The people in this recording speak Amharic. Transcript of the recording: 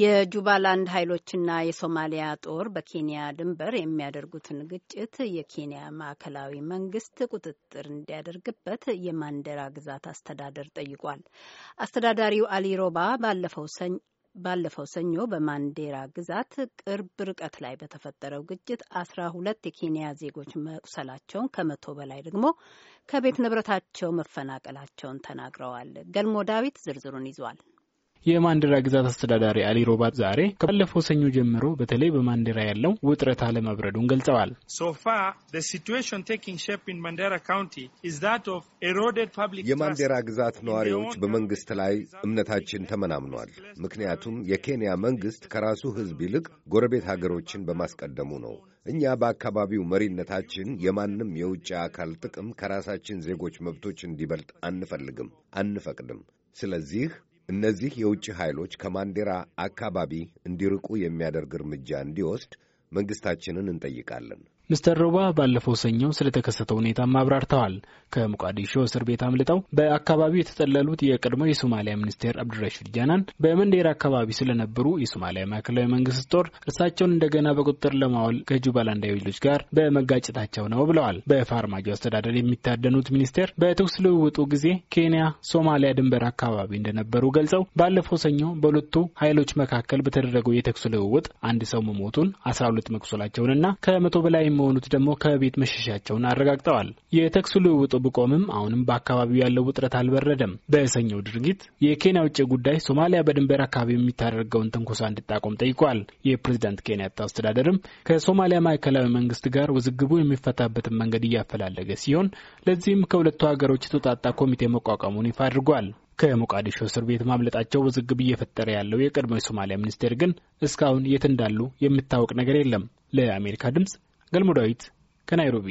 የጁባላንድ ኃይሎችና የሶማሊያ ጦር በኬንያ ድንበር የሚያደርጉትን ግጭት የኬንያ ማዕከላዊ መንግስት ቁጥጥር እንዲያደርግበት የማንዴራ ግዛት አስተዳደር ጠይቋል። አስተዳዳሪው አሊ ሮባ ባለፈው ሰኝ ባለፈው ሰኞ በማንዴራ ግዛት ቅርብ ርቀት ላይ በተፈጠረው ግጭት አስራ ሁለት የኬንያ ዜጎች መቁሰላቸውን ከመቶ በላይ ደግሞ ከቤት ንብረታቸው መፈናቀላቸውን ተናግረዋል። ገልሞ ዳዊት ዝርዝሩን ይዟል። የማንዴራ ግዛት አስተዳዳሪ አሊ ሮባት ዛሬ ከባለፈው ሰኞ ጀምሮ በተለይ በማንዴራ ያለው ውጥረት አለመብረዱን ገልጸዋል። የማንዴራ ግዛት ነዋሪዎች በመንግስት ላይ እምነታችን ተመናምኗል። ምክንያቱም የኬንያ መንግስት ከራሱ ህዝብ ይልቅ ጎረቤት ሀገሮችን በማስቀደሙ ነው። እኛ በአካባቢው መሪነታችን የማንም የውጭ አካል ጥቅም ከራሳችን ዜጎች መብቶች እንዲበልጥ አንፈልግም፣ አንፈቅድም። ስለዚህ እነዚህ የውጭ ኃይሎች ከማንዴራ አካባቢ እንዲርቁ የሚያደርግ እርምጃ እንዲወስድ መንግሥታችንን እንጠይቃለን። ሚስተር ሮባ ባለፈው ሰኞ ስለተከሰተው ሁኔታም አብራርተዋል። ከሞቃዲሾ እስር ቤት አምልጠው በአካባቢው የተጠለሉት የቀድሞው የሶማሊያ ሚኒስቴር አብዱራሺድ ጃናን በመንዴር አካባቢ ስለነበሩ የሶማሊያ ማዕከላዊ መንግስት ጦር እርሳቸውን እንደገና በቁጥጥር ለማዋል ከጁባላንድ ኃይሎች ጋር በመጋጨታቸው ነው ብለዋል። በፋርማጆ አስተዳደር የሚታደኑት ሚኒስቴር በተኩስ ልውውጡ ጊዜ ኬንያ ሶማሊያ ድንበር አካባቢ እንደነበሩ ገልጸው ባለፈው ሰኞ በሁለቱ ኃይሎች መካከል በተደረገው የተኩስ ልውውጥ አንድ ሰው መሞቱን አስራ ሁለት መቁሰላቸውንና ከመቶ በላይ የሚሆኑት ደግሞ ከቤት መሸሻቸውን አረጋግጠዋል። የተኩስ ልውውጡ ብቆምም አሁንም በአካባቢው ያለው ውጥረት አልበረደም። በሰኞው ድርጊት የኬንያ ውጭ ጉዳይ ሶማሊያ በድንበር አካባቢ የሚታደርገውን ትንኮሳ እንድታቆም ጠይቋል። የፕሬዚዳንት ኬንያታ አስተዳደርም ከሶማሊያ ማዕከላዊ መንግስት ጋር ውዝግቡ የሚፈታበትን መንገድ እያፈላለገ ሲሆን ለዚህም ከሁለቱ ሀገሮች የተውጣጣ ኮሚቴ መቋቋሙን ይፋ አድርጓል። ከሞቃዲሾ እስር ቤት ማምለጣቸው ውዝግብ እየፈጠረ ያለው የቀድሞ የሶማሊያ ሚኒስቴር ግን እስካሁን የት እንዳሉ የሚታወቅ ነገር የለም። ለአሜሪካ ድምጽ ገልሞ ዳዊት ከናይሮቢ